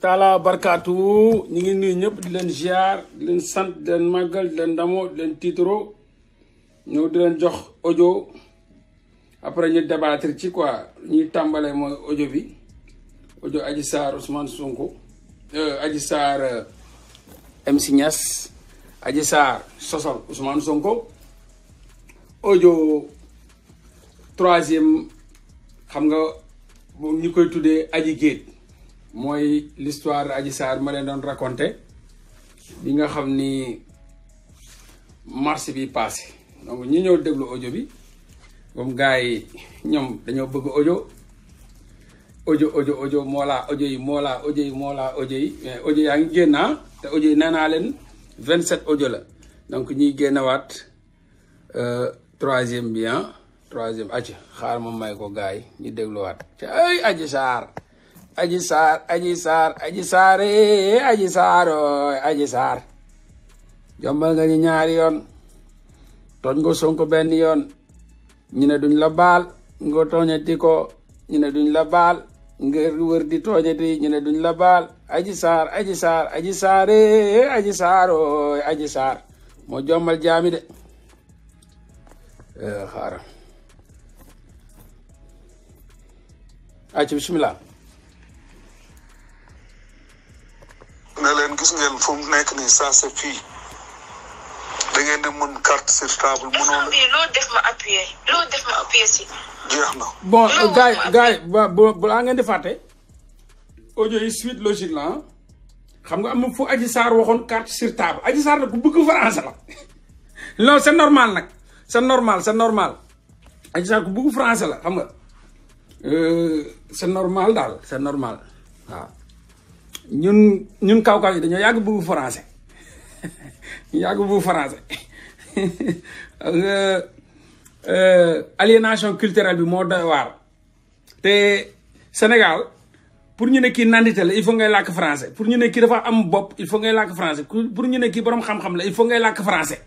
taala barkaatu ñu ngi ñëpp di leen ziar di leen sant di leen màggal di leen damoo leen tiitro ñëw di leen jox ojo après ñu débattre ci quoi ñuy tàmbalee mooy audio bi audio aji Sarr Ousmane Sonko euh, aji Sarr euh, MC Niass Adji Sarr sosol Ousmane Sonko ojo troisième xam nga ñu koy tuddee aji géet moy l'histoire Adji Sarr ma raconté bi nga mars bi passé donc ñi déglu audio bi comme gars ñom dañu bëgg audio audio audio audio audio yi mola audio yi mola audio yi audio ya ngi ah, audio la euh, troisième bien 3 ah, troisième Adji xaar mo may ko gars ñi avons wat ay Adji aji sar, aji sar, aji saare aji saaro aji sar. jombal nga ni ñaari yoon tooñ ko Sonko benn yoon ñu ne duñ la ngo nga tooñati ko ñu ne duñ la bal, nga wër di tooñati ñu ne duñ la bal. aji sar, aji saar aji sar, aji aji sar. moo jombal jami de xaaral eh, aci bismillah ngeen fu mu nekk nii ça c'est fii da ngeen di mën carte sur table. mënoon loo def ma appuyer loo def ma appuyer si. jeex na. bon gars yi gars yi balaa ah, ngeen di fàtte. audio yi suite logique la ah. xam nga am na fu Adji Sarr waxoon carte sur table Adji Sarr nag ku bëgg français la. non c'est normal nag sa normal sa normal. Adji Sarr ku bëgg français la xam nga. Euh, c'est normal daal c'est normal waaw. ñun ñun kaw kaw yi dañoo yàgg bëgg français yàgg bëgg français euh, aliénation culturelle bi monde. doy waar. Sénégal pour ñu ne kii nandite il faut ngay làkk français pour ñu ne kii dafa am bopp il faut ngay làkk français pour ñu ne kii borom xam-xam la il faut ngay làkk français.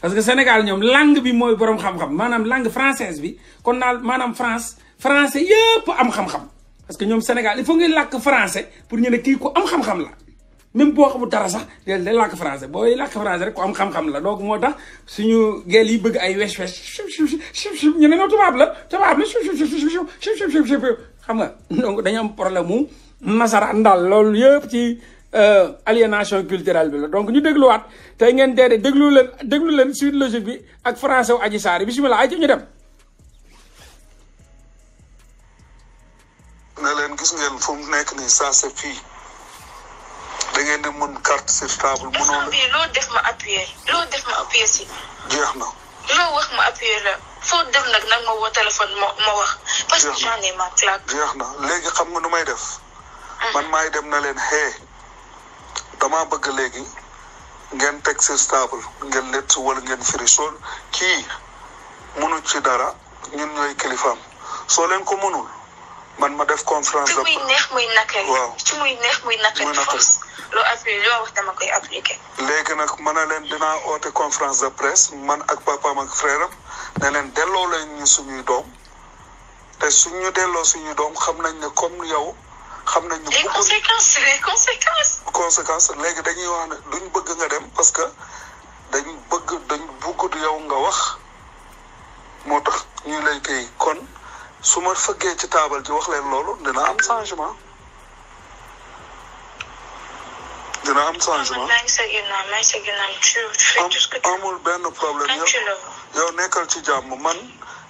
parce que Sénégal ñoom langue bi moy borom xam-xam manam langue française bi kon na manam France français yëpp am xam-xam. parce que ñoom Sénégal il faut ngay làkk français pour ñu ne kii ko am xam-xam la même boo xamul dara sax day day làkk français booy làkk français rek ku am xam-xam la donc moo tax suñu gel yi bëgg ay wesh wesh ñu ne non tubaab la tubaab la xam nga donc dañu am problème mu nasaraan daal loolu yëpp ci aliénation culturelle bi la donc ñu dégluwaat tey ngeen dee déglu leen déglu leen suite logique bi ak français wu Adji Sarr yi ay ci ñu dem. leen gis ngeen fu nekk ni ça fi fii da ngeen di mën carte sur table. mënoo bii loo def ma appuyé loo def ma appuyé si. jeex na. loo wax ma appuyé la foo def nag na ma woo téléphone ma wax. parce que jeex na léegi xam nga nu may def. man maay dem na leen xee damaa bëgg léegi ngeen teg sur table ngeen lett wala ngeen firi soo kii mënu ci dara ñun ñooy kilifaam soo leen ko mënul. man ma def conférence de presse ci muy neex muy naqari. waaw ci muy neex muy naqari force. loo appliqué loo wax dama koy appliqué. léegi nag ma ne leen dinaa oote conférence de presse man ak papaam ak frère am ne leen delloo leen ñu suñuy doom te suñ ñu delloo suñuy doom xam nañ ne comme yow. xam nañ ne bëgg conséquences les conséquences. conséquences léegi dañuy wax ne duñ bëgg nga dem parce que dañ bëgg dañ bëgg yow nga wax moo tax ñu lay koy kon. su ma fëggee ci taabal ji wax leen loolu dina am changement dina am changement amul benn problème yow nekkal ci jàmm man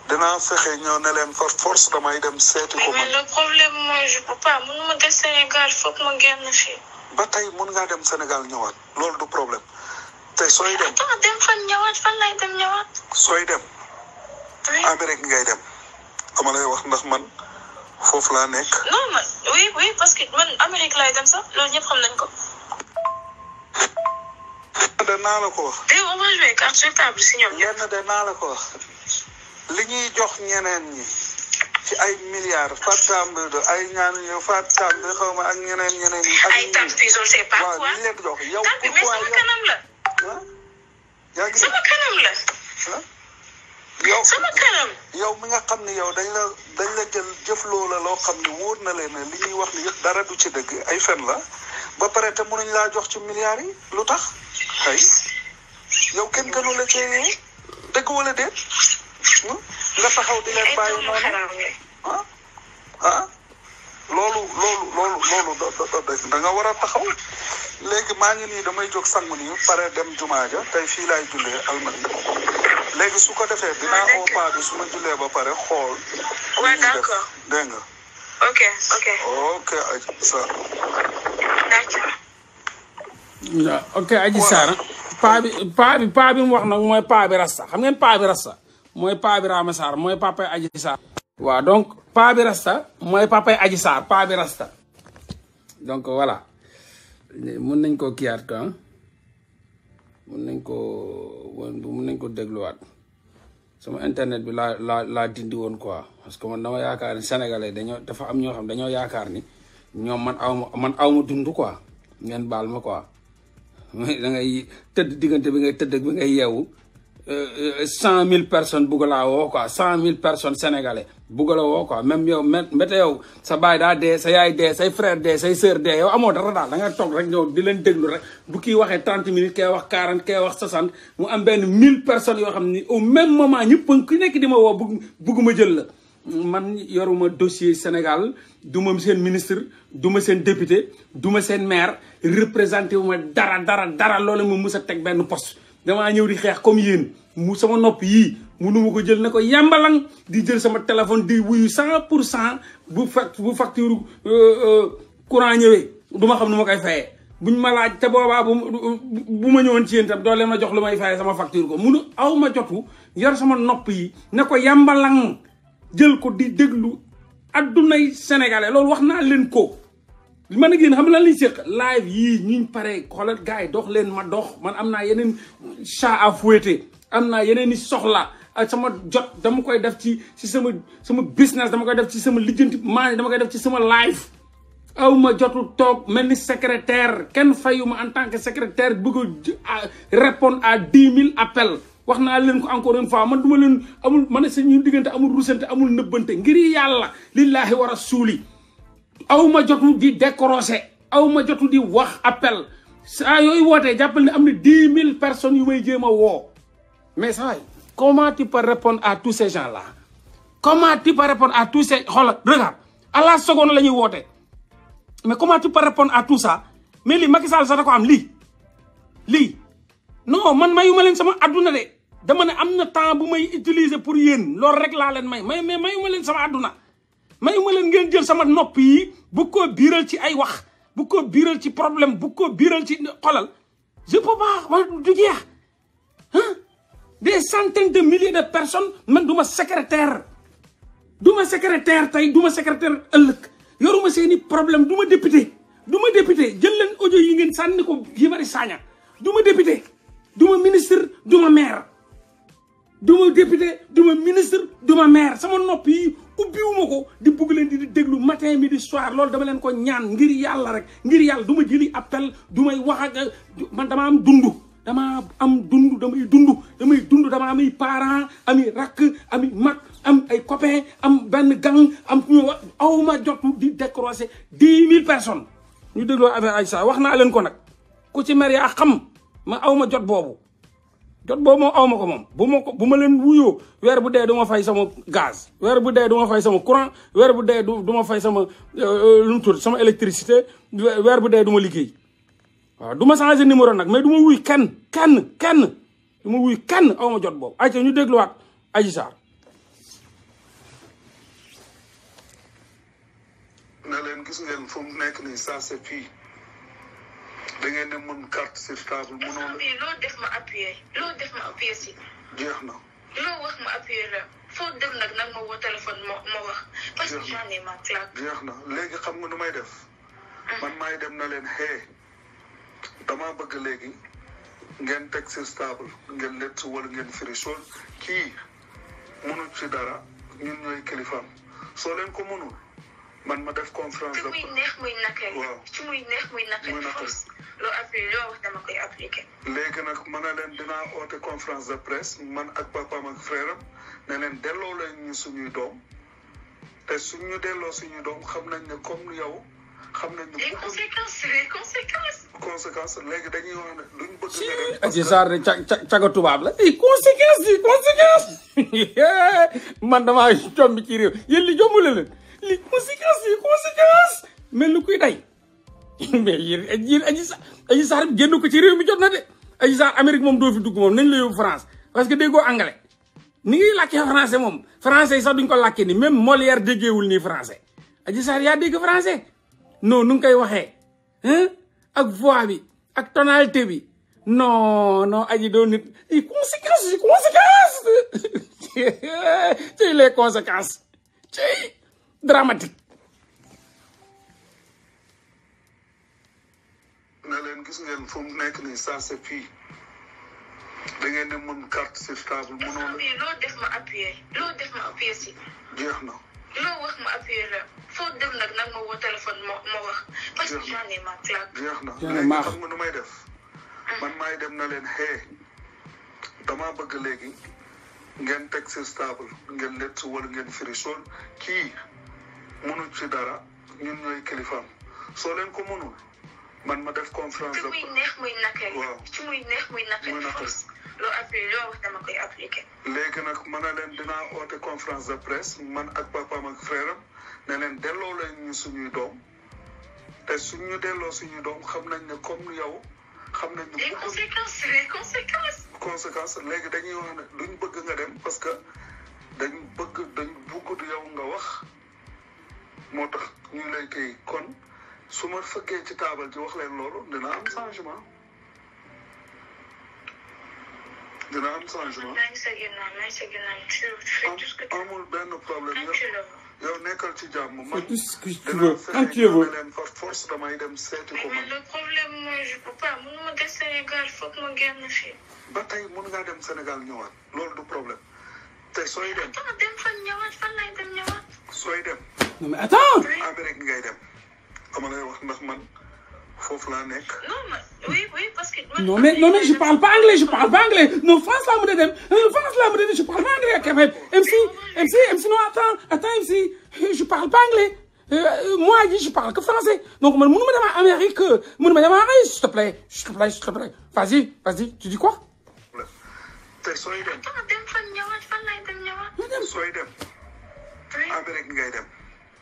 dana fexe ñoo ne leen par force damay dem seeti ko man. mais le problème mooy je peux pas mënuma des Sénégal foog ma génn fii. ba tey mën ngaa dem Sénégal ñëwaat loolu du problème te sooy dem. dem fan ngay dem. dama lay wax ndax man foofu laa nekk. non man oui oui parce que man Amérique laay dem sax loolu ñëpp xam nañ ko. danaa la ko eh, ñuy jox ñeneen ñi ci ay milliards Fatou de ay ñaan yow Fatou de xaw ñeneen ñeneen ñi. ay tàmp yi je sais pas quoi waaw jox yow. pourquoi yow tàmp kanam la. yow sama kanam yow mi nga xam ne yow dañ la dañ la jël jëf loola loo xam ne wóor na leen ne li ñuy wax ni yëpp dara du ci dëgg ay fen la ba pare te mënuñ laa jox ci milliards yi lu tax ay yow kenn gënu la cee dëgg wala déet hmm? nga taxaw di leen bàyyi noonu ah ah loolu loolu loolu loolu da nga war a taxaw léegi maa ngi nii damay jóg sangu nii pare dem jumaa ja tey fii laay jullee almadi léegi su ko defee dinaa oo paa bi su ma jullee ba pare xool. waaw d'accord dégg nga. ok ok. ok Adji Sarr. waaw ok Adji Sarr. paa bi paa bi paa bi mu wax nag mooy paa bi Rasta xam ngeen paa bi Rasta mooy paa bi Rama Sarr mooy papa Adji Sarr. waaw donc. paa rasta mooy papa aji saar paa bi rasta donc voilà mun nañ ko kiyaat ko mun nañ ko, mun nañ ko sama internet bi laa laa laa dindi woon quoi parce que man dama yaakaar ni sénégalais dañoo dafa am ñoo xam dañoo yaakaar ni ñoom man aw man aw ma dund quoi ngeen baal ma quoi da ngay tëdd diggante bi ngay tëdd bi ngay yeewu euh, euh, cent personnes bugg laa quoi personnes sénégalais bugala woo quoi même yow mbete yow sa baay daa dee sa yaay dee say frère dee say sœur dee yow amoo dara daal da nga toog rek ñëw di leen déglu rek bu kii waxee trente minutes kee wax quarante kee wax soixante mu am benn mille personnes yoo xam ni au même moment ñëpp ku nekk di ma woo bugg bugguma jël la man yoruma dossier Sénégal du ma seen ministre du ma seen député du ma seen maire représenté wu ma dara dara dara loolu ma mus teg benn post damaa ñëw di mënuma ko jël nako yambalang di jël sama téléphone di wuyu 100% bu bu facture euh euh courant ñëwee duma xam numa koy fayé buñ ma laaj té boba bu bu ma ñëwoon ci yentam do leen ma jox lumay fayé sama facture ko munu awma ma jotu yor sama nopp yi nako yambalang jël ko di déglu addunay sénégalais lool wax naa leen ko man ak yéen xam la lañ séq live yi ñuñ pare xoolal gaay dox leen ma dox man amna yenen yeneen chat fouetter amna yenen ni soxla ak sama jot dama koy def ci ci sama sama business dama koy def ci sama lijjanti maa dama koy def ci sama life awma jotu tok melni secrétaire ken fayuma en tant que secrétaire bëgg répondre à 10000 appels waxna len ko encore une fois man duma len amul man sa ñu digënté amul rusante amul nëbbante ngir yalla lillahi wa rasuli awma jotu di décrocher awma jotu di wax appel sa yoy woté jappal ni amna 10000 personnes yu may jema wo mais ça Comment tu peux répondre à tous ces gens-là Comment tu peux répondre à tous ces... Regarde, à la seconde, ils ont Mais comment tu peux répondre à tout ça Mais les Macky Sall, ça quoi li li Non, man mayu malen sama aduna de. Dama ne amna temps bu may utiliser pour yeen, lor rek la len may. May mais mayu malen sama aduna. Mayu malen ngeen jël sama nopi yi bu ko biral ci ay wax, bu ko biral ci problème, bu ko biral ci xolal. Je peux pas, du jeex. Hein des centaines de milliers de personnes man duma ma secrétaire du ma secrétaire tey du ma secrétaire ëllëg yoruma seeni problème du ma député du ma député jël leen audio yi ngeen sànni ko Guy Marius Sagna du ma député du ministre du ma maire du ma ministre du ma sama nopp yi ubbiwuma ko di bugg leen di déglu matin midi soir loolu dama leen ko ñaan ngir yàlla rek ngir yàlla du ma jëli appel du may wax ak man dama am damaa am dund damay dund damay dund dama am ay parents am ay rakk am ay mag am ay copains am benn gang am aw ma jot di décrocher dix mille personnes. ñu dégloo affaire Aïssa wax naa leen ko nag ku ci mer yaa xam ma aw ma jot boobu jot boobu moom awma ko moom bu ma ko bu ma leen wuyoo weer bu dee du ma fay sama gaz. weer bu dee du ma fay sama courant weer bu dee du ma fay sama euh, euh, lu mu tudd sama électricité weer bu dee duma liggéey. waaw du ma changé numéro nag mais du ma wuy kenn kenn kenn du ma wuy kenn aw ma jot boobu ayca ñu dégluwaat Adji Sarr na leen gis ngeen fu mu nekk nii ça c'est fii da ngeen di mën carte ma appuyé loo def si jeex na loo wax ma appuyé la foo dem nag nag ma woo téléphone ma wax parce que jeex na léegi xam nga nu may def ah. man maay dem na leen xee dama bëgg léegi ngeen teg sur stable ngeen lett wala ngeen firi sol kii mënul ci dara ñun ñooy kilifaam soo leen ko mënul man ma def conférence de. muy neex muy naqari. waaw léegi nag ma leen dinaa oote conférence de presse man ak papaam ak frère am ne leen delloo leen ñu suñuy doom te suñu delloo suñuy doom xam nañ ne kom yow. xam nañ ne. les conséquences conséquence léegi dañuy wax ne duñ bëgg nga dem. tubaab la. ay eh, conséquences yi conséquences man damaa jombi ci réew yéen li jombule leen li conséquences yi conséquences mel ni kuy day mais yéen yéen Adji Sarr Adji ko ci réew mi jot na de Adji Sarr Amérique moom doo fi dugg moom nañ la yóbbu France parce que déggoo anglais ni ngi làkkee français moom français sax duñ ko lakkee ni même Molière déggeewul nii français Adji Sarr yaa dégg français non nu ngi koy waxee ak voix bi ak tonalité bi non non aji doo conséquence conséquence ci les conséquences ci dramatique ne leen gis ngeen fu mu nekk nii ça c'est fii da ngeen di carte sur table mënoo loo def ma appuyer loo def ma appuyer si na loo wax ma appuyé la foo dem nag nag ma woo ma ma wax. parce que j'en ai marre claque. jeex na léegi xam nga nu may def. Hmm. man maay dem na leen xee damaa bëgg léegi ngeen teg sur stable ngeen lett wala ngeen firi sol kii mënul ci dara ñun ñooy kilifaam soo leen ko mënul man ma def conférence. ci muy neex muy naqari. waaw ci muy neex muy naqari. loo appliqué léegi nag mën na leen dinaa oote conférence de presse man ak papaam ak frère am ne leen delloo leen ñu suñuy doom te suñu ñu delloo suñuy doom xam nañ ne comme yow. xam nañ ne les conséquences les conséquences. conséquences léegi dañuy wax ne duñ bëgg nga dem parce que dañ bëgg dañ bëgg du yow nga wax moo tax ñu lay koy kon su ma fekkee ci taabal ji wax leen loolu dina am changement. Dirham sadece var. não günah, neyse günah. Şu fetüs kıtı. não ben o problem yok. yow não ci jàmm man danaa fexe leen não force damay dem seeti ko man. não le problème mooy je peux pas não des Sénégal foog ma génn fii. não tey mën ngaa dem Sénégal ñëwaat não du problème te sooy dem. attends dem fan ñëwaat fan lay dem ñëwaat. não dem. non mais attends. Amérique ngay não dama lay wax ndax man. non mais non mais je parle pas anglais je parle pas anglais non français euh, je parle pas anglais ah, MC MC MC non attends attends MC euh, je parle pas anglais euh, moi je parle que français donc mon nom s'il te plaît s'il te plaît s'il te plaît vas-y vas-y tu dis quoi.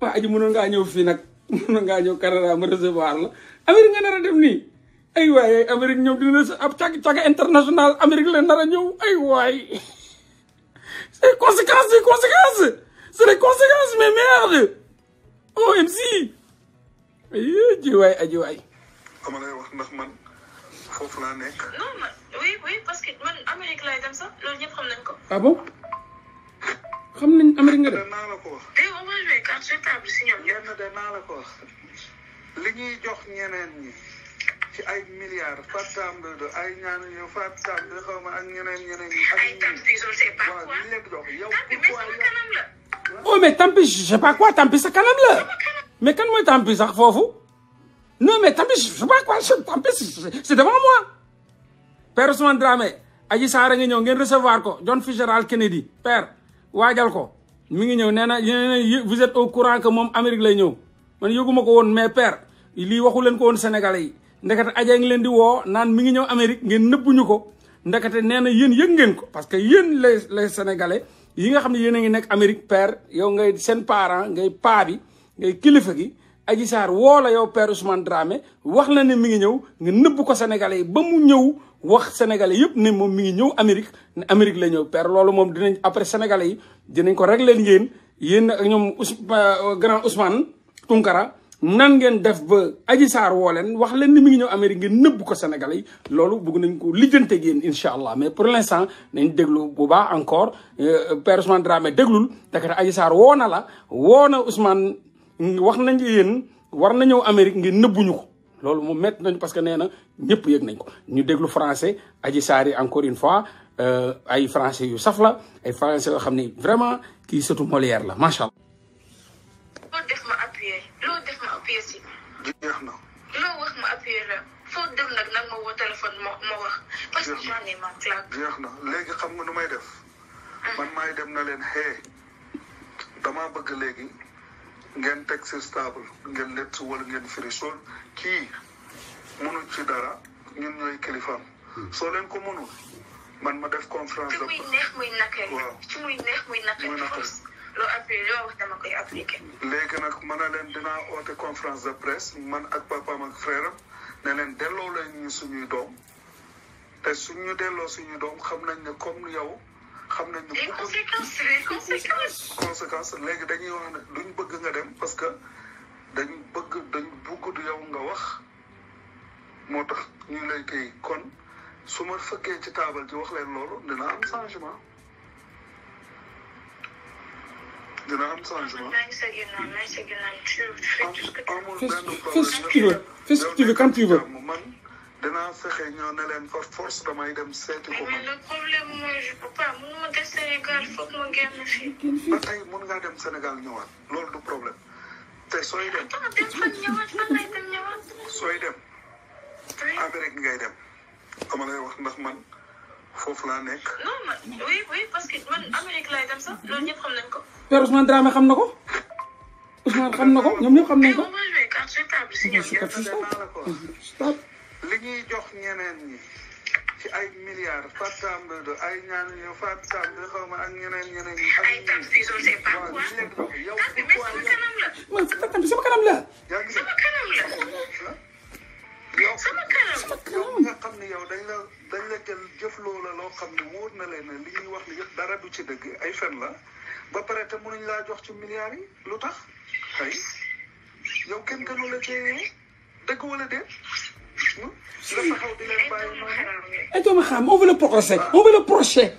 waa aji mënoon ngaa ñëw fii nag mënoon ngaa ñëw Canada ma recevoir la Amérique nga a dem nii ay waay Amérique ñëw dina ab càgg càgg international Amérique la nar a ñëw ay waay c'est conséquence c'est conséquence c'est des OMC ji waay aji waay que Amérique laay dem sax nañ ko ah bon xam nañ Amérique nga dem naa la ko wax. tey au moins carte jetable si ñoom. yenn de naa la ko wax li ñuy jox ñeneen ñi ci ay milliards Fatambe de ay ñaanu yow Fatambe xaw ma ak ñeneen ñeneen ñi. ay Tampis on sait pas quoi waaw léegi dox yow. Tampis sama kanam la. oh mais Tampis je sais pas quoi Tampis sa kanam la. mais kan mooy Tampis sax foofu. non mais Tampis je sais pas quoi Tampis c'est devant moi. Père Ousmane Dramé recevoir John Fitzgerald Kennedy père. waajal ko mi ngi ñëw nee na yéen vous êtes au courant que moom Amérique lay ñëw man yëguma ko woon mais per lii waxu leen ko woon Sénégalais yi ndekete aja ngi leen di woo naan mi ngi ñëw Amérique ngeen nëbbuñu ko ndekete nee na yéen yëg ngeen ko parce que yéen les les Sénégalais yi nga xam ne yéen a ngi nekk Amérique per yow ngay seen parent ngay paa bi ngay kilifa gi Adji Sarr woola yow per Ousmane Dramé wax la ne mi ngi ñëw nga nëbb ko Sénégalais yi ba mu ñëw wax sénégalais yépp né mom mi ngi ñëw amérique ne amérique la ñëw père loolu mom dinañ après sénégalais yi dinañ ko régler yéen yeen ak ñom euh, grand ousmane tunkara nan ngeen def ba aji sar wo len wax len ni mi ngi ñëw amérique ngeen nëbb ko sénégalais yi loolu bëgg nañ ko lijjante ak inshallah mais pour l'instant nañ déglu bu ba encore euh, père ousmane dramé déglul dakate aji sar wo na la wo na ousmane wax nañ yeen war na ñëw amérique ngeen nëbbuñu ko loolu mu met nañu parce que nee ñepp yegg nañ ko ñu déglu français aji sari encore une fois euh, ay français yu safla ay français yo xamni vraiment ki surtout Molière la macha allah. def ma appuyé loolu def ma appuyé si. jeex na. wax ma appuyé la foo def nag nag ma woo téléphone ma ma wax. parce que maa ne ma claque. jeex na xam nga def. Hmm. man dem na bëgg ngeen si stable ngeen lett wala ngeen kii mënul ci dara ñun ñooy kilifaam soo leen ko mënul man ma def conférence de. muy neex muy naqari. waaw ci muy nag mën leen dinaa oote conférence de presse man ak papaam ak frère ne leen delloo leen ñu suñuy doom te suñu delloo suñuy doom xam nañ ne comme yow. xam nañ ne conséquence conséquence. léegi dañuy wax ne duñ bëgg nga dem parce que. dañu bëgg dañ bugg yow nga wax moo tax ñu lay koy kon su ma fëkkee ci taabal ji wax leen loolu dina am changement dina am changement. amul benn problème fais ce que tu veux quand ñoo ne leen par force damay dem seeti ko. mais le problème mooy ñëwaat loolu du problème. te sooy dem. sooy dem. Amérique ngay dem. dama lay wax ndax man foofu laa nekk. non man oui oui parce que man Amérique laay dem sax loolu ñëpp xam nañ ko. Père Ousmane Dramé xam na ko. Ousmane xam na ko ñoom ñëpp xam nañ ko. li ñuy jox ñeneen ñi. ci ay milliards Fatam Dodo ay ñaan yu Fatam bi xaw ma ak ñeneen ñeneen ñi. ay tam si je sais pas quoi. yow ah, pourquoi man sama kanam la. sama kanam la. sama kanam la. yow sama kanam sama kanam nga xam ne yow dañ la dañ la jël jëf loola loo xam ne wóor na leen ne li ñuy wax ni yëpp dara du ci dëgg ay fen la ba pare te mënuñ laa jox ci milliards yi lu tax. xëy yow kenn gënu la cee dëgg wala déet. Et on veut le procès. On veut le procès.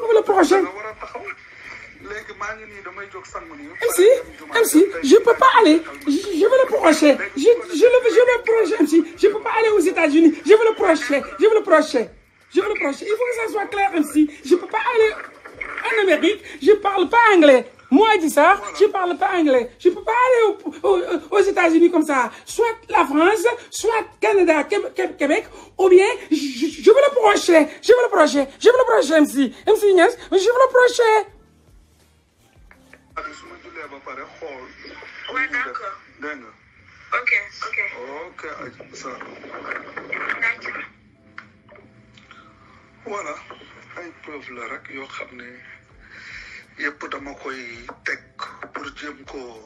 On veut le procès. MC, MC, je peux pas aller. Je, je veux le procès. Je, je, le, je le proche, MC. Je peux pas aller aux États-Unis. Je veux le procher. Je veux le procher. Je veux le procher. Il faut que ça soit clair, MC. Je peux pas aller en Amérique. Je parle pas anglais. Moi, Adissar, voilà. je ne parle pas anglais. Je ne peux pas aller au, au, aux États-Unis comme ça. Soit la France, soit Canada, Québec, ou bien je, je veux le projet. Je veux le projet. Je veux le projet, MC. MC Ignace, je veux le projet. Ouais, d'accord. Ok, ok. Ok, ça. D'accord. Voilà. ay preuve la rek yoo xam yëpp dama koy teg pour jéem koo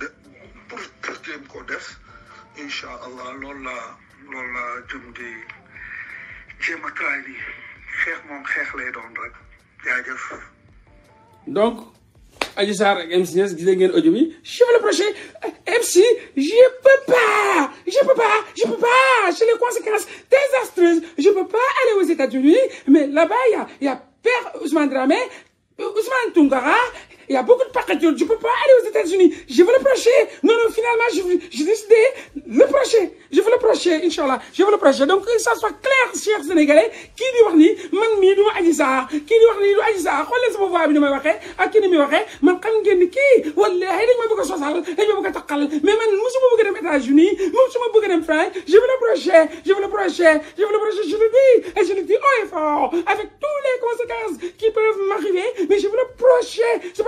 de pour pour jéem koo def incha allah loolu la loolu la jëm di jéem a traay bi xeex moom xeex lay doon rek jaajëf. donc Adji Sarr ak MC Niass gis ngeen audio bi je le prochain MC je peux pas je peux pas je peux pas j'ai les conséquences désastreuses je peux pas aller aux États-Unis mais là-bas il y a il y a Père Ousmane Dramé usman tungara Il y a beaucoup de paquets. Je peux pas aller aux États-Unis. Je veux le procher. Non, non, finalement, j'ai décidé le procher. Je veux le procher, Inch'Allah. Je veux le procher. Donc, que ça soit clair, chers Sénégalais, qui dit Warni, man mi, du Adizar. Qui dit Warni, du Adizar. Quelle est ma voix, du Mawaké, à qui dit Mawaké, man kan gen qui, Wallah, il m'a beaucoup social, il m'a beaucoup takal. Mais man, veux pas beaucoup des États-Unis, nous veux beaucoup des frères. Je veux le procher, je veux le procher, je veux le procher, je le dis, et je le dis haut et avec toutes les conséquences qui peuvent m'arriver, mais je veux le procher. C'est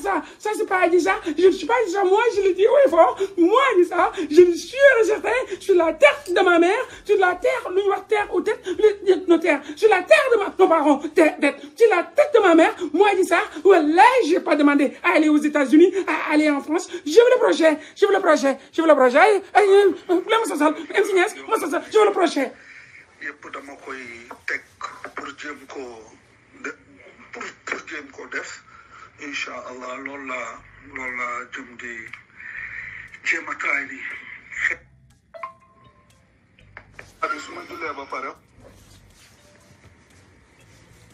ça. c'est pas déjà Je ne suis pas déjà Moi, je le dis oui fort. Moi, ça, je suis suis certain. Je la terre de ma mère. sur la terre, le terre aux tête le notaire. Je la terre de nos parents. Terre, tête. Je la tête de ma mère. Moi, ça, ouais, là, j'ai pas demandé à aller aux États-Unis, à aller en France. Je veux le projet. Je veux le projet. Je veux le projet. Je veux le projet. le projet. pour incha allah loolu laa loolu laa jëm di jéem a taay di xeet. ak su ma jullee ba pare.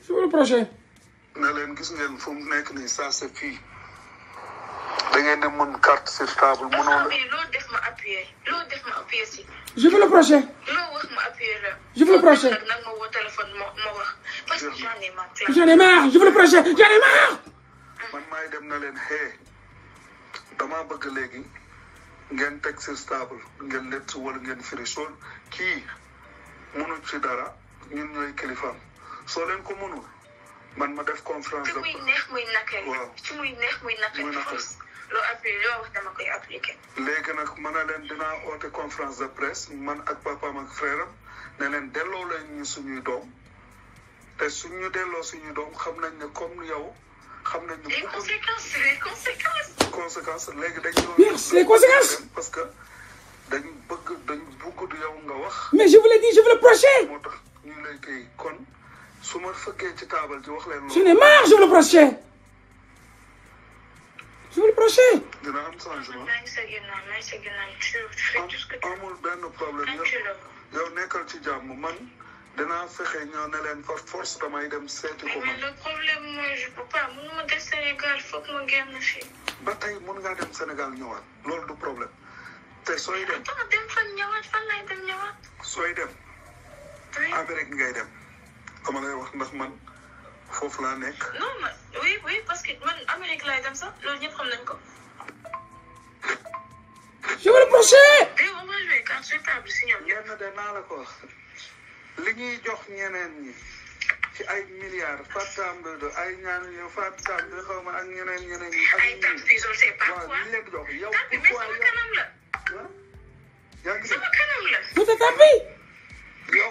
suba projet. ne leen gis ngeen fu mu nekk nii ça c'est fii. da ngeen di mën carte sur table mënoo la. loo def ma appuyé loo def ma appuyé si. je veux le projet. loo wax ma appuyé la. je veux le projet. nag ma woo téléphone ma ma wax. parce que j'en ai marre. j'en ai marre je veux le projet j'en ai marre. may dem na leen xee damaa bëgg léegi ngeen teg si stable ngeen lett wala ngeen firi sool kii mënul ci dara ñun ñooy kilifaam soo leen ko mënul man ma def conférence de. muy neex léegi nag ma ne leen dinaa oote conférence de presse man ak papaam ak frère am ne leen delloo leen ñu suñuy doom te suñu delloo suñuy doom xam nañ ne comme yow. les conséquences les conséquences. les conséquences parce que mais je vous l'ai dit je veux le prochain. je n'ai marre je veux le prochain. je veux le hein. prochain dinaa fexe ñoo ne leen par force damay dem seeti ko. mais le problème mooy je peux pas mënuma des Sénégal foog ma génn fi. ba tey mën ngaa dem Sénégal ñëwaat loolu du problème te sooy dem. waaw dem fan ñëwaat fan lay dem ñëwaat. sooy dem. Amérique ngay dem. dama lay wax ndax man foofu laa nekk. non man oui oui parce que man Amérique lay dem sax loolu ñëpp xam nañ ko. je vous remercie. eh on va jouer carte sur table si ñoom. yenn de naa la ko wax. li jox ñeneen ñi ci ay milliards fatambe do ay ñaanu yow fatambe xaw ma ak ñeneen ñeneen ñi. ay taxis on sait pas quoi li leen jox yow. pourquoi yow yaa ngi sama kanam la. Moussa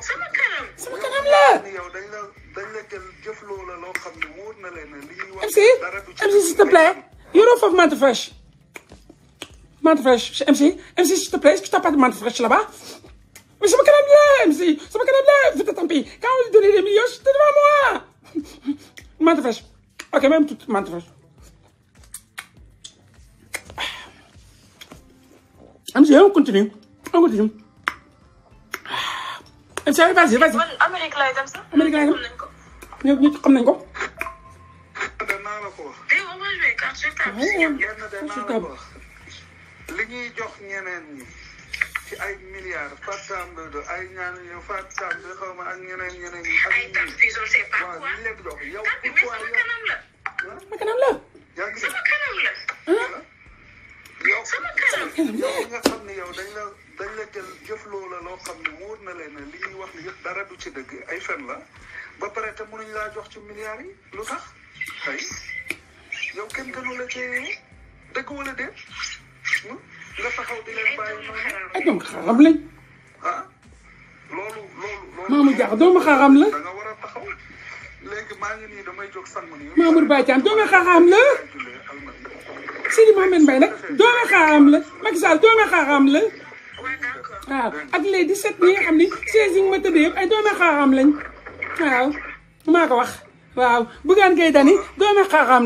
sama kanam. sama la. yow dañ la dañ la jëf lo la lo xamni na leen li ñuy wax. MC MC s'il te plaît. yoroo foofu fresh, fraîche. menthe fraîche MC MC s'il te plaît est-ce que pas de mante fraîche là-bas. Mais je me calme MC. Je me calme Vite, tant pis. Quand on lui donnait des millions, c'était devant moi. Mante fraîche. Ok, même toute mante fraîche. MC, on continue. On continue. MC, vas-y, vas-y. Amérique laay dem sax. Amérique laay dem. ñëpp ñëpp xam nañ ko. li ñuy jox ñeneen ñi ci ay milliards Fatam Dodo ay ñaan yow Fatam bi xaw ma ak ñeneen ñeneen ñi. ay tapis je ne sais pas quoi waaw lépp dox yow. pourquoi yow sama kanam la. sama kanam la. yaa ngi sama kanam la. yow sama kanam yow nga xam ne yow dañ la dañ la jël jëf loola loo xam ne wóor na leen ne li ñuy wax ni yëpp dara du ci dëgg ay fen la ba pare te mënuñ laa jox ci milliards yi lu tax tey yow kenn gënu la cee dëgg wala déet. nga taxaw di leen bàyyi noonu. ay doomu xaaram lañ. ah loolu loolu. loolu Mamour Diakha doomu xaaram la. da nga war a taxaw léegi maa ngi nii damay jóg sànq nii. Mamour Baye Thiam doomu xaaram la. Sidi Mohamed Mbaye nag doomu xaaram la Macky Sall doomu xaaram la. waaw ak les 17 ñi nga xam ni 16 yi ma tëddee ay doom xaaram lañ waaw maa ko wax waaw Bougane Gueye Dany doomu xaaram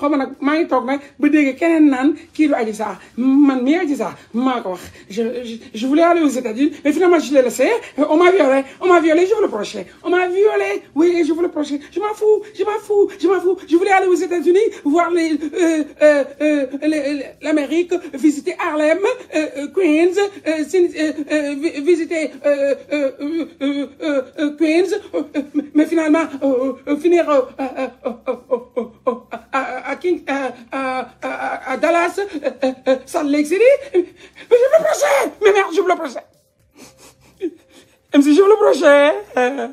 man je je voulais aller aux États-Unis mais finalement je l'ai laissé on m'a violé on m'a violé je veux le prochain on m'a violé oui je veux le prochain je m'en fous je m'en fous je m'en fous je voulais aller aux États-Unis voir les l'Amérique visiter Harlem Queens visiter Queens mais finalement finir à, à, King, à, Dallas, euh, euh, euh, Salt Lake City. Mais je le projet. Mais merde, je veux le projet. si je veux le projet.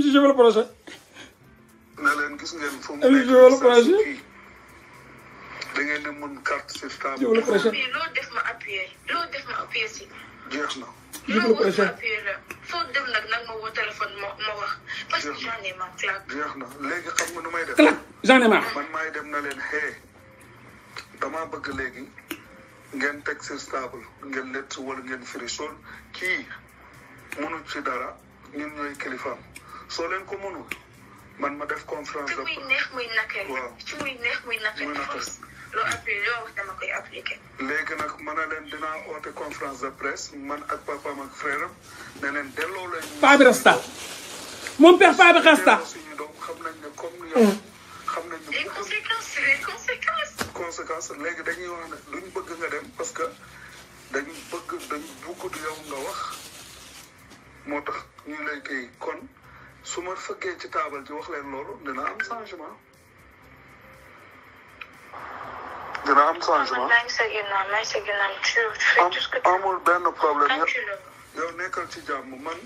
si je veux le projet. na le veux M. Si je veux le Je jublu ko chef foo dem nag nag ma wax parce que j'en ai na léegi xam nga nu may def. claque j'en ai maay dem na leen xee damaa bëgg léegi ngeen teg sur stable ngeen lett wala ngeen firi sol kii mënu ci dara ñun ñooy kilifaam soo leen ko mënul man ma def conférence. de presse ci neex muy naqari. waaw ci muy neex muy naqari. loo appliqué loo léegi nag ma ne leen dinaa oote conférence de presse man ak papaam ak frère am ne leen delloo leen. Paa bi Rasta moom père Paa bi Rasta. suñu xam nañ ne comme yow. Mm. xam nañ ne les léegi dañuy wax ne duñ bëgg nga dem parce que dañu bëgg dañu bëgg du yow nga wax moo tax ñu lekk kon su ma fëggee ci taabal ji wax leen loolu dina am changement. dina am changement maa ngi sa ginnaaw maa ngi sa ginnaaw amul benn problème yow nekkal ci jàmm man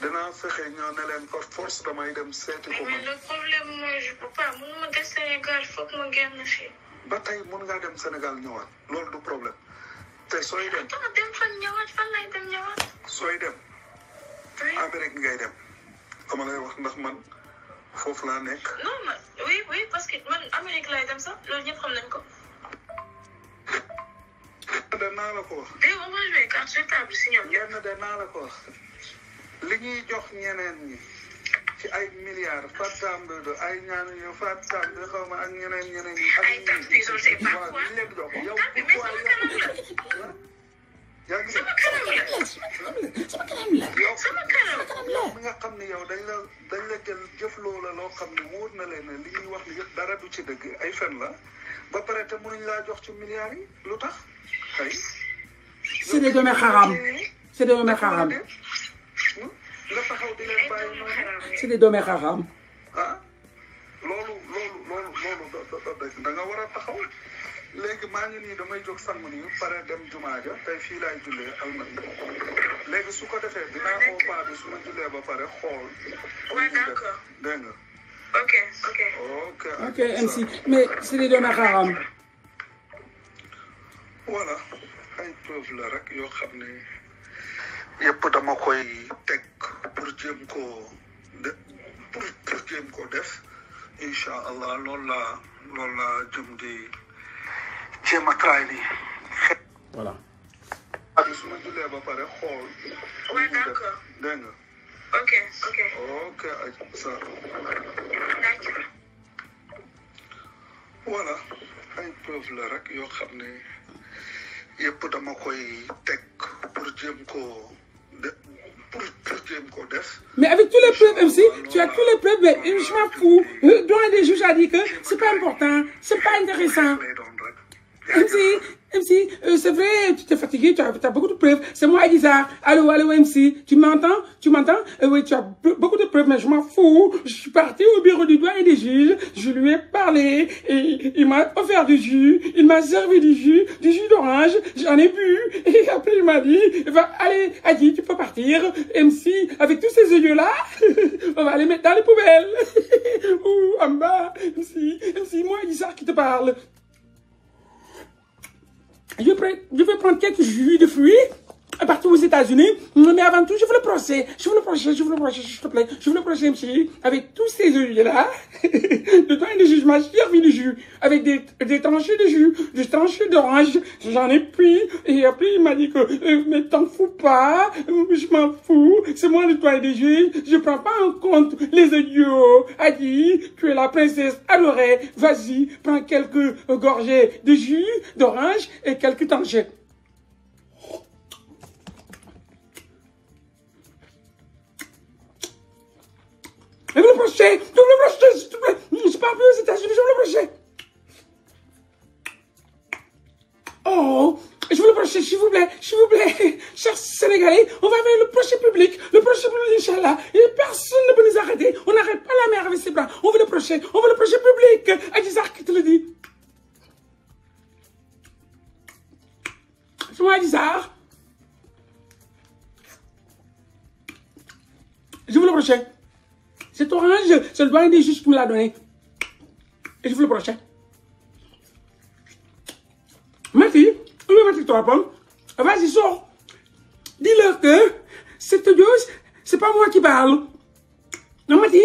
dinaa fexe ñoo ne leen par force damay dem seeti ko. mais le problème mooy je peux pas mun ma des Sénégal foog ma génn fii. ba tey mun ngaa dem Sénégal ñëwaat loolu du problème te sooy dem. ah dem fan ñëwaat fan lay dem ñëwaat. sooy dem. Amérique ngay dem. dama lay wax ndax man. foofu laa nekk. non man oui oui parce que man Amérique laay dem sax loolu ñëpp xam nañ ko. yenn de naa la ko wax. tey eh, boo ma joué carte sur table si ñoom. yenn de naa la ko wax li ñuy jox ñeneen ñi ci ay milliards Fatam Dodo ay ñaanu ñu Fatam bi xaw ma ak ñeneen ñeneen ñi. ay taxes yi sont c' est pas quoi. waaw li ñu leen di jox c'est des doomi xaram c'est des doomi xaram c'est des doomi xaram loolu loolu loolu loolu da nga war a taxaw léegi maa ngi nii damay jóg sangu nii pare dem jumaa ja tey fii laay jullee almadi léegi su ko defee bina koo paa bi su ba pare xool. waaw d'accord dégg nga. ok ok. ok ok mais Sidi doon na xaaxam. voilà ay preuve rek yoo xam ne yépp dama koy teg pour jéem koo def incha allah loolu laa loolu laa jëm jéem a try lii. voilà. su ma jullee ba pare xool. oui d'accord dégg ok ok. ok ça. Nature. voilà Hein, preuve la rek yoo xam ne yëpp dama koy teg pour jéem koo de pour pour jéem koo mais avec tous les preuves MC tu as tous les preuves mais je m'en fou, doyen des juges a dit que c'est pas important c'est pas intéressant. MC, MC, euh, c'est vrai, tu t'es fatigué, tu as, beaucoup de preuves. C'est moi, Elisa. Allô, allô, MC, tu m'entends Tu m'entends euh, Oui, tu as beaucoup de preuves, mais je m'en fous. Je suis parti au bureau du doigt et des juges. Je lui ai parlé et il m'a offert du jus. Il m'a servi du jus, du jus d'orange. J'en ai bu. Et après, il m'a dit, va, eh ben, allez, Adi, tu peux partir. MC, avec tous ces yeux-là, on va les mettre dans les poubelles. Ou en bas, MC, MC, moi, Elisa qui te parle. Je, vais prendre quelques jus de fruits unis Mais avant tout, je veux le procès. Je veux le procès, je veux le procès, s'il te plaît. Je veux le procès, monsieur. Avec tous ces oeufs là le temps et de jus, ma servi de jus. Avec des, des tranchées de jus, des tranchées d'orange. J'en ai pris. Et après, il m'a dit que, euh, mais t'en fous pas. Je m'en fous. C'est moi le toit de jus. Je prends pas en compte les idiots. A dit, tu es la princesse. adorée. vas-y, prends quelques gorgées de jus d'orange et quelques tranchées. Je le prêcher. Je le projeter, s'il te plaît. Je pars plus aux États-Unis. Je le Oh, je veux le projeter, s'il vous plaît. S'il vous plaît. Chers Sénégalais, on va avec le prochain public. Le prochain public, Inch'Allah. Et personne ne peut nous arrêter. On n'arrête pas la mer avec ses bras. On veut le prochain On veut le prochain public. Adizar qui te le dit. C'est moi, Adizar. Je veux le prochain c'est orange. C'est le doyen des juges qui me l'a donné. Et je vous le prochain. Ma fille, on va mettre trois pommes. Vas-y, sors. Dis-leur que cette ce c'est pas moi qui parle. Non, Mati,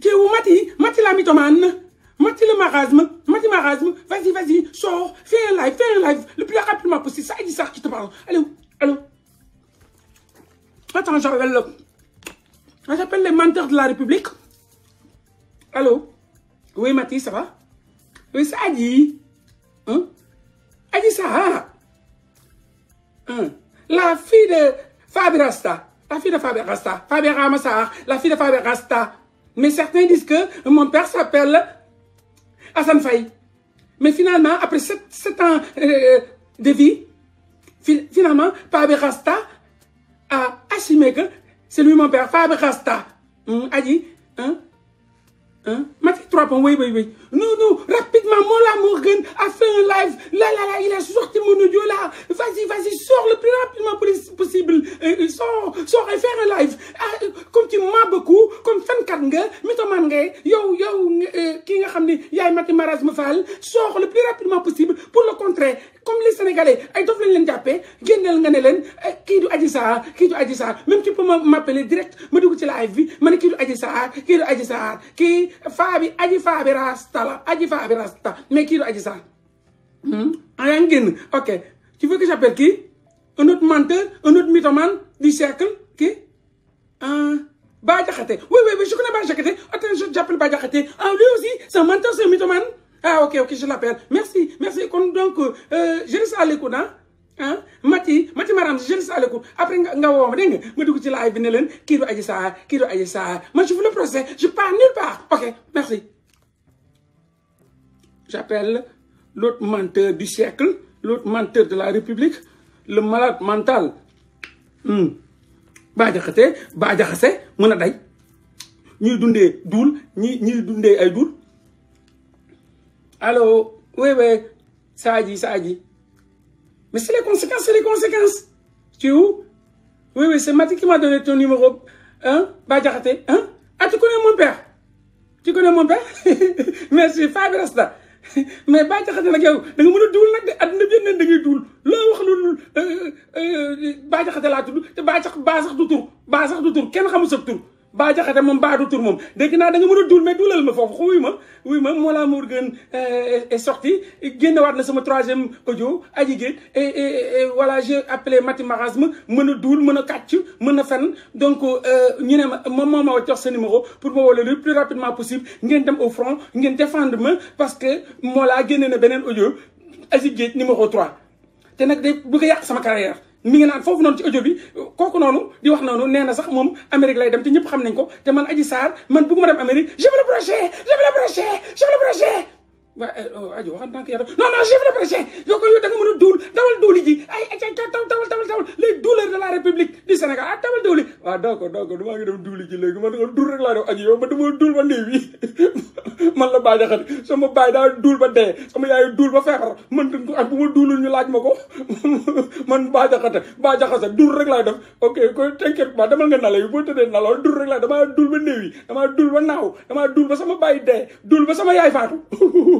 tu es où Mati Mati la mythomane. Mati le marasme. Mati marasme. Vas-y, vas-y, sors. Fais un live, fais un live. Le plus rapidement possible. Ça, dit ça qui te parle. Allô, allô. Attends, j'arrive l'autre j'appelle s'appelle les menteurs de la République. Allô Oui, Mathis, ça va Oui, hein? ça a dit. Hein dit ça. La fille de Fabi Rasta. La fille de Fabi Rasta. Fabi Ramassar. La fille de Fabi Rasta. Mais certains disent que mon père s'appelle Hassan Faye. Mais finalement, après sept ans euh, euh, de vie, finalement, Faberasta Rasta a assumé que c'est lui mon père Fabe Rasta dit, hein, hein hein Mathieu trois points oui oui oui non non rapidement Mola Morgan a fait un live là là là il a sorti mon audio là vas-y vas-y sors le plus rapidement possible euh, euh, sors sors et fais un live ah, euh, comme tu m'as beaucoup comme fan, nga mythomane nga yow yow ki nga ma ne yaay Mathieu Maraz sors le plus rapidement possible pour le contraire comme les Sénégalais ils doivent lañ leen jàppee génneel nga ne doit eh, kii du Adji Sarr du même tu peux m'appeler direct ma dugg ci live bi ma ne kii du Adji Sarr kii du Adji Sarr kii faabi aji faabi rasta la aji faabi rasta mais qui du Adji ça, hmm? ah, yaa ok tu veux que j'appelle qui un autre menteur un autre mythomane du cercle qui Ah, bah Diakhaté oui oui oui je connais Bah Diakhaté attends j'appelle Bah ah lui aussi c'est un menteur c'est un mythomane ah, ok, ok, je l'appelle. Merci, merci. Donc, euh, je laisse à l'écoute, hein? ah Mati Mati Maram je saa leku après nga vais vous dire, je ma vous ci live bi vous dire, kii du Adji Sarr je veux le procès je pars nulle part ok merci. j'appelle l'autre menteur du siècle l'autre menteur de la république le malade mental Bah Diakhaté Bah Diakhaté mën a day ñuy dundee doul, ñi ñuy dundee ay duul. Allô Oui, oui. Ça a dit, ça a dit. Mais c'est les conséquences, c'est les conséquences. Tu es où Oui, oui, c'est Mati qui m'a donné ton numéro. Hein Badjarate. Hein Ah, tu connais mon père Tu connais mon père Merci, mais Badjarate, là, yow, da nga nak tu la tu te Tu bah bah du tour bah baa jaxate mom baa du tur moom dégg da nga mën a mais duulal ma foofu wuy ma wuy ma Mollah Morgun euh, est sorti gennewat na sama 3 troisième audio aji géej et et voilà j'ai appelé Mati Marasme mën a duul mën a kàcc mën a fen donc euh, ñu ne ma moom moo ma jox sa numéro pour mo wolé le plus rapidement possible ngeen dem au front ngeen défendre ma parce que Mollah génne na benen audio aji géej numéro 3 té nak day bëgg a sama carrière mi ngi naan foofu noonu ci audio bi kooku noonu di wax noonu nee na sax moom Amérique lay dem te ñëpp xam nañ ko te man Adji Sarr man bëgguma dem Amérique je vais le projet je vais waaw euh, oh, ajo waxal ndànk yaram non non chef de presse yoo ko yow da nga mën a duul dawal duuli ji ay ay ay taw tawal tawal tawal les douleurs de la république du Sénégal ah tawal duuli waaw ah, d'accord d'accord damaa ngi dem duuli ji man duul ba dama duul ba sama bàyyi daa duul ba dee sama yaay duul ba feebar man ak bu ma duulul ñu laaj ma ko man bàyyi xel bàyyi xel duul rek laa def ok koy t'inquiète pas demal nga nalaw boo tëddee nalaw duul rek laa damaa duul ba néew yi damaa duul ba naaw damaa duul ba sama bàyyi dee duul ba sama yaay faatu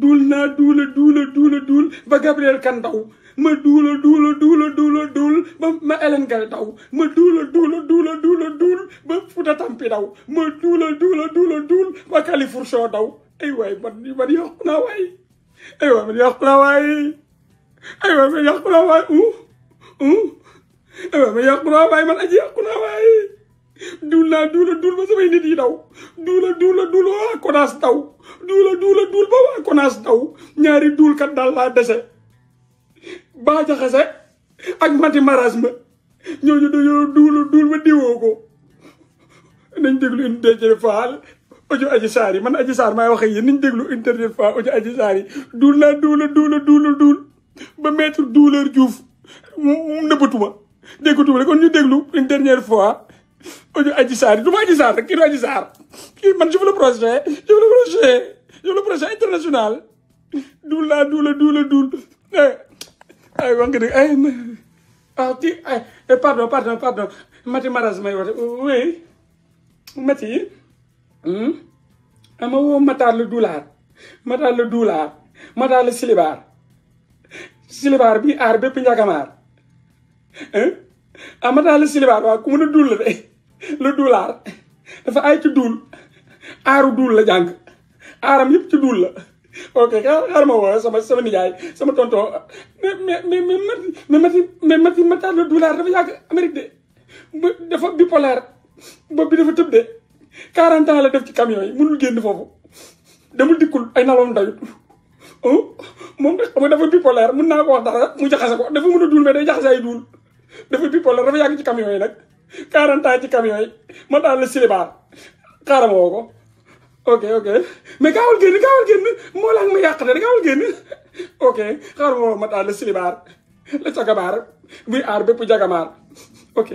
duul naa duula duula duula duul ba Gabriel Kane daw ma duula duula duula duula duul ba ma Hélène Gaye daw ma duula duula duula duula duul ba Fouta Tampi daw ma duula duula duula duul ba Kalifour Soo daw ay waay man man yàqu naa waay ay waay man yàqu naa waay ay waay man yàqu naa waay u u ay waay man yàqu naa waay man aji yàqu naa waay duul naa duula duul ba samay nit yi daw duula duula duul ba waa konaas daw duula duula duul ba waa konaas daw ñaari duulkat daal laa dese baa jaxase ak mati marasme ñu dañoo duula dul ba diwoo ko nañ déglu une dernière fois audio aji saar yi man aji saar maay waxe yéen nañ déglu une dernière fois audio aji saar yi duul naa duula duula duula duul ba maître duuleur Diouf nëbbatuma déggatuma la kon ñu déglu une dernière fois audio Adji Sarr du ma man je veux projet je veux projet international duul laa duula duula duul eh, ay wax nga ay ah kii ay eh, pardon pardon pardon Mati Maras may woote oui Mati hmm? ama ah, woo Matar le Doulaar Matar le Doulaar Matar le Silibaar Silibaar bi aar bépp njagamaar eh? ah Matar le Silibaar waaw ku mën a la de le duulaar dafa ay ci duul aaru duul la jàng aaram yëpp ci duul la ok xaaral ma woo sama sama nijaay sama tonton mais mais mais mais mati mais mati mataar le duulaar dafa yàgg Amérique de dafa bipolaire bopp bi dafa tëb de quarante ans la def ci camion yi mënul génn foofu demul dikkul ay naloom dayut oh, moom xam nga dafa bipolaire mën naa ko wax dara mu jaxase ko dafa mën a duul mais day jaxase ay duul dafa bipolaire dafa yàgg ci camion yi nag quarante ans ci camion yi man daal la silibaar xaaral ma woo ko ok ok mais gaawul génn gaawul génn moo la ma yàq ne gaawul génn ok xaaral ma ma daal la silibaar la jagabaar buy aar bépp jagamaar ok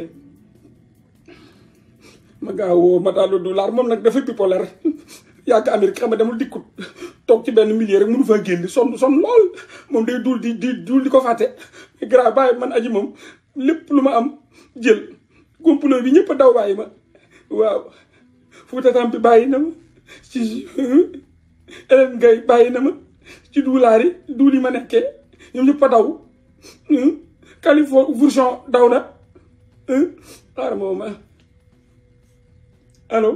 ma gaaw ma daal la dulaar moom nag dafay bipolaire yàgg Amérique xam nga demul dikkut toog ci benn milieu rek mënu faa génn sonn sonn moom day duul di di di ko fàtte grave bàyyi man aji moom lépp lu ma am jël complot bi ñëpp daw bàyyi ma waaw Fouta Tampi bàyyi na ma ci Hélène Gueye bàyyi na ma ci duulaari duul yi ma nekkee ñoom ñëpp daw Californie Version daw na xaar moom allo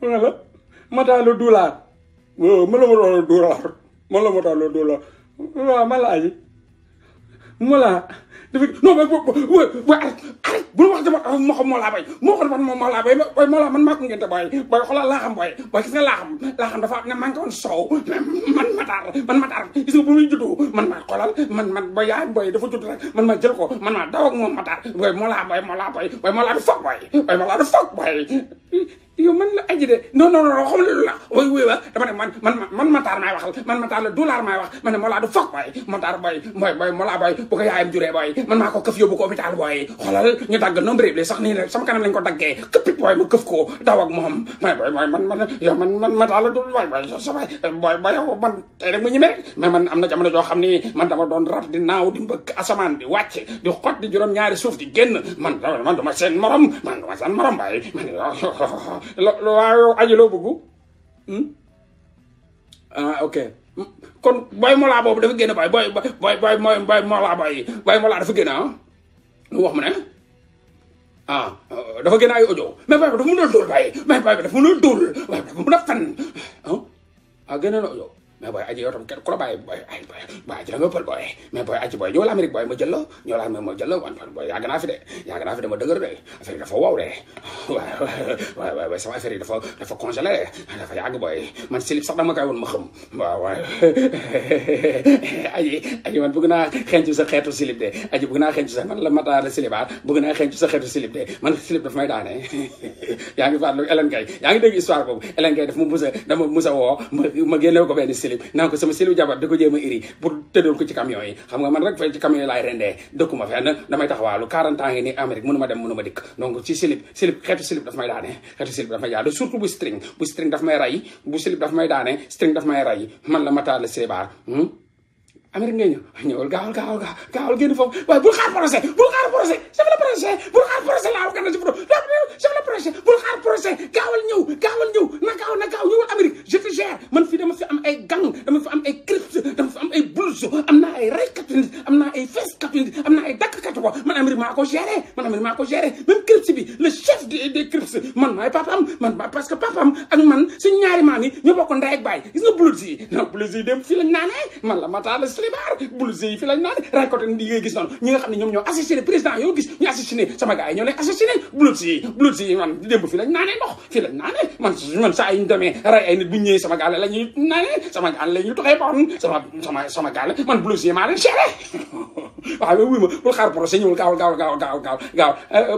ma mataalu duulaar ma la mataalu duulaar waaw ma laa ji ma laa dafa non mais booy bu la wax dama ah, moo xam moo laa bay moo xam dafa moom moo laa bay booy moo laa man maa ko ngente booy booy xoolal laa xam booy booy gis nga laa xam man mataar man mataar gis bu muy juddu man maa xoolal man man booy yaay booy dafa judd rek man maa jël ko man maa daw ak moom mataar booy moo laa booy moo laa booy booy moo laa du foog booy booy moo yow man la aji de non non non xam la woy woy wa man man man Matar maay waxal man Matar la dollar maay wax man ne Mollah du fokk boy man maa ko këf yóbbu sax nii ne sama kanam lañ ko daggee këppit boy ma këf ko daw moom man man la dul boy boy sa boy man tey mu ñime man am na jamono joo xam ni man dama doon rab di naaw di mbëkk asamaan di wàcc di xot di juróom ñaari suuf di génn man man seen morom man duma seen morom waaye yow aji loo bëgg hmm? ah ok kon booy molaa boobu dafa génn baay booy booy booy booy molaa baay booy molaa dafa génn ah lu wax mu ne ah dafa génn ay audio mais baay bi dafa mën a dóor baay mais baay bi dafa mën a dóor baay bi dafa mën a fen ah, ah génne na audio mais booy aji yow tam kenn ku la bàyyi booy ay booy booy aji la nga pël booy mais booy aji booy ñëwal Amérique booy ma jël la ñëwal Amérique ma jël la wan booy yàgg naa fi de yàgg naa fi de ma dëgër de affaire yi dafa wow de waaw waaw waaw sama affaire yi dafa dafa congelé dafa yàgg booy man silib sax dama koy woon ma xam waaw waaw aji aji man bëgg naa xencu sa xeetu silib de aji bëgg naa xencu sa man la mataara silibaar bëgg naa xencu sa xeetu silib de man silib daf may daane yaa ngi fàttaliku Ellen Gueye yaa ngi dégg histoire boobu Ellen Gueye daf ma mus a dama mus a woo ma génnew ko benn silib Selim ko sama Selim jabar da ko jéem a iri pour tëddoon ko ci camion yi xam nga man rek fay ci camion yi laay rendee dëkkuma fenn damay taxawaalu 40 ans ngi ni Amérique mënu ma dem mënu ma dikk donc ci Selim Selim xeetu daf may daane xeetu Selim daf may ray bu Selim daf may daane string daf may ray man la mataar Amérique ngay ñëw ñëwal gaawal gaawal gaawal gaawal génn foofu waaye bul xaar procès bul xaar procès chef le procès bul xaar procès wax na si photo gaawal ñëw gaawal na gaaw na gaaw ñëwal Amérique je te gère man fii dama fi am ay gang dama fi am ay crypte dama am naa ay raykatu nit am naa ay feeskatu nit am naa ay dakkatu ko man Amérique maa ko man Amérique maa ko chef des des man maay papam man parce que papam ak man suñ ñaari maam yi ñoo bokk xibaar blouse yi fi lañ naan récolté di ngay gis noonu ñi nga ay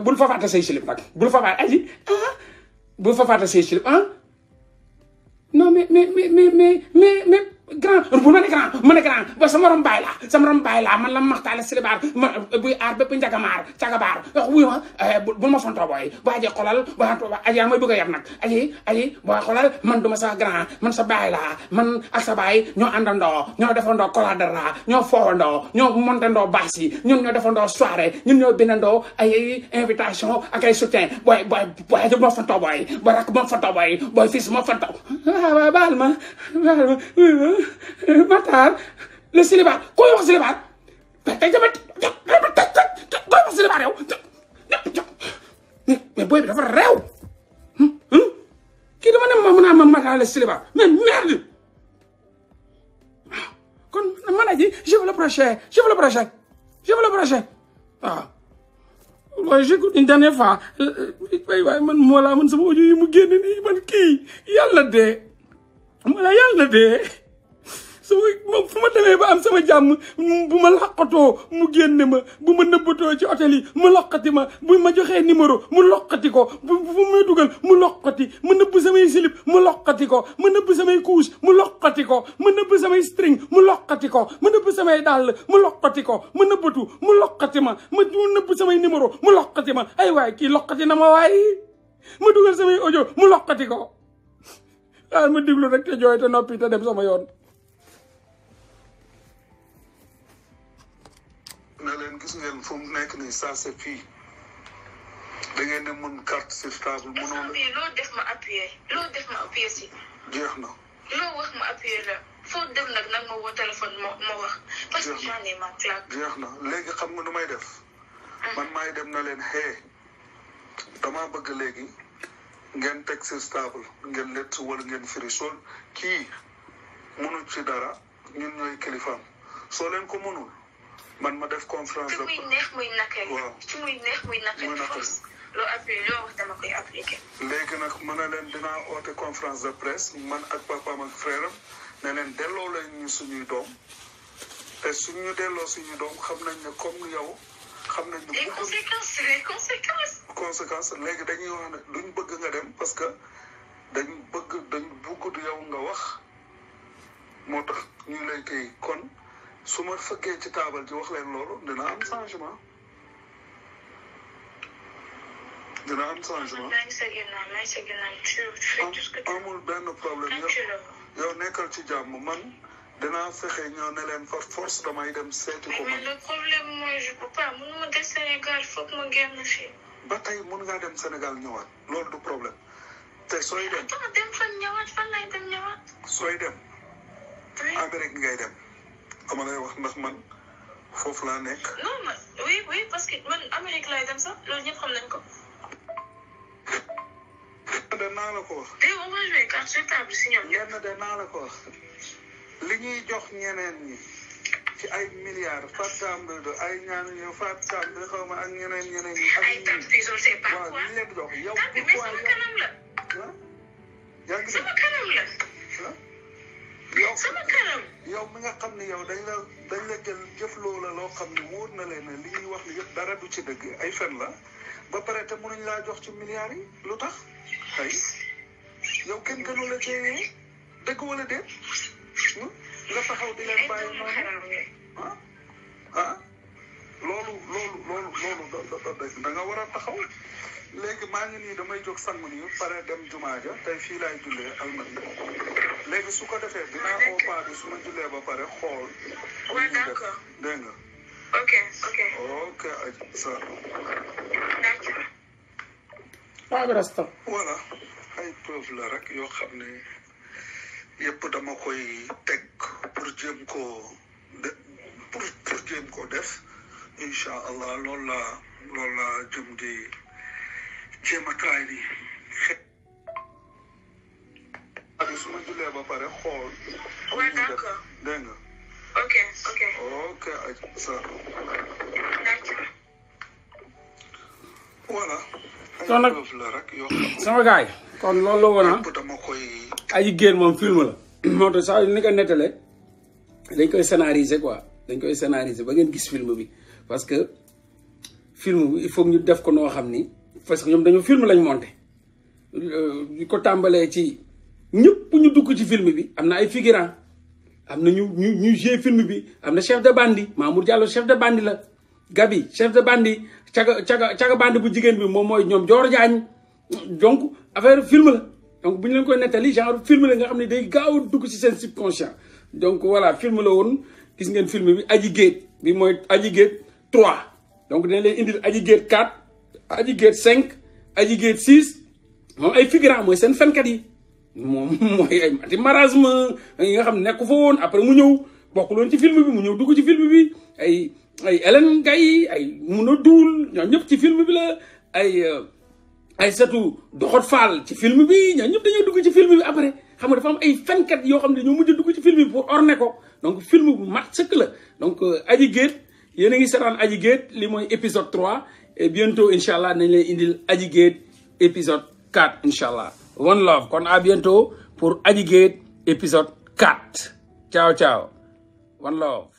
bul xaar euh, say silib nag bul fa fàtte ah? bul fa say silib ah non mais mais mais grand bu ma ne grand ma ne grand ba sama rom baay laa sama rom baay laa man la maxtaale silibaar ma buy aar bépp njagamaar cagabaar wax wuy ma eh, bu ma fontoo booy bu ajee xolal ba ajaa mooy bëgg a yab nag aji aji boo xolal man du ma sa grand man sa baay laa man ak sa baay ñoo àndandoo ñoo defandoo coladera ñoo foowandoo ñoo montandoo baas yi ñun ñoo defandoo soirée ñun ñoo bindandoo ay invitation ak ay soutien booy booy booy aji bu ma fontoo booy booy rakk bu ma fontoo booy booy fils bu ma fontoo baal ma baal ma Matar le célibat koy wax célibat tey dama koy wax célibat yow mais booy bi dafa réew hmm, hmm. kii dama ne ma mun a ma Matar le célibat mais merde ah, kon man a ji je veux le prochain je veux le prochain je veux le prochain waaw ah. waaye j'écoute une dernière fois euh, euh, waay waay man moo laa man sama audio yi mu génn nii man kii yàlla dee moo laa yàlla dee sama fu ma demee ba am sama jàmm bu ma laqatoo mu génne ma bu ma nëbbatoo ci hôtel yi mu loqati ma bu ma numéro mu loqati ko bu bu ma dugal mu loqati ma nëbb samay silip mu loqati ko ma nëbb samay couche mu loqati ko ma nëbb samay string mu loqati ko ma nëbb samay dal mu loqati ko ma nëbbatu mu loqati ma ma mu nëbb numéro mu loqati ma ay loqati na ma waay ma dugal samay audio mu loqati ko ah ma déglu rek te jooy te noppi te dem sama yoon gis ngeen fu mu nekk nii ça fi fii da ngeen di mën carte sur table mënoo la loo def ma appuyé loo def ma appuyé si jeex na loo wax ma appuyé la foo dem nag nag ma woo téléphone ma ma wax parce que j'en ma jeex na léegi xam nga nu may def ah. man maay dem na leen xee damaa bëgg léegi ngeen teg sur table ngeen lett wala ngeen firi sol kii mënul ci dara ñun ñooy kilifaam soo leen ko mënul man ma def conférence de. muy neex muy nakari. waaw ci léegi nag mën na leen dinaa oote conférence de presse man ak papaam ak frère am ne leen delloo leen ñu suñuy doom te suñu delloo suñuy doom xam nañ ne comme yow. xam nañ ne conséquence léegi dañuy wax ne duñ bëgg nga dem parce que dañ bëgg dañ bugg yow nga wax moo tax ñu lay koy kon. su ma fëggee ci taabal ji wax leen loolu dina am changement dina am changement amul benn problème yow nekkal ci jàmm man dinaa fexe ñoo ne leen par force damay dem seeti ko mais le problème mooy je peux pas mënuma des Sénégal foog ma génn fii ba tey mën ngaa dem Sénégal ñëwaat loolu du problème te sooy dem dem fan ñëwaat fan lay dem ñëwaat sooy dem Amérique ngay dem dama lay wax ndax man foofu laa nekk. non man oui oui parce que man Amérique laay dem sax loolu ñëpp xam nañ ko. de la ko de naa la ko li ñuy jox ñeneen ñi ci ay milliards Fatam de ay ñaan ñoom Fatam de xaw ma ñeneen ñeneen ñi. ay tapis on sait jox yow. tapis mais ah? sama kanam la. sama ah? kanam la. yow sama kanam yow mi nga xam ne yow dañ la dañ la jël jëf loola loo xam ne wóor na leen li ñuy wax ni yëpp dara du ci dëgg ay fen la ba pare te mënuñ laa jox ci milliards yi lu tax tey yow kenn gënu la cee dëgg wala déet hmm? nga taxaw di leen bàyyi noonu ah ah loolu loolu loolu loolu da da da nga war a taxaw. léegi maa ngi nii damay jóg sangu nii pare dem jumaa ja tey fii laay jullee almadi léegi su ko defee dinaa oo paa bi su ma jullee ba pare xool. waaw d'accord dégg nga. ok ok ay preuve la rek yoo xam ne yëpp dama koy teg pour jéem koo de pour pour def incha allah loolu laa loolu laa jëm di. ci matuwaay bi ak su sama gaay kon loolu la woon ah génn moom film la moo tax saa yu ni ko nettalee dañ koy scénariser quoi dañ koy scénariser ba ngeen gis film bi parce que film bi il faut ñu def ko noo xam ni parce ñom dañu film lañ monté euh, di ko tambalé ci ñepp ñu dugg ci film bi amna ay figurant amna ñu ñu jé film bi amna chef de bandi Mamour Diallo chef de bandi la Gabi chef de bandi caga caga caga bandi bu jigen bi mom moy ñom jor jañ donc affaire film la donc bu ñu leen koy netali genre film la nga xamni day gaaw dugg ci sen subconscient donc voilà film la won gis ngeen film bi aji géet bi moy aji géet 3 donc dañ lay indi aji géet 4 aji get cinq aji get six c'est ay figurant sen kat yi ay mati marasme nga xam après mu ci film bi mu ñew dugg ci film bi ay ay Gaye ay a ñoo film bi la ay euh, ay satu doxot ci film bi ñoo ci film bi après xam nga dafa am ay kat yo xam ni ñoo mujj film bi pour orner donc film bu mat donc euh, a ngi 3 et bientôt incha allah nañ leen indil aji Gate épisode 4 incha allah one love kon à bientôt pour aji Gate épisode 4 ciao ciao one love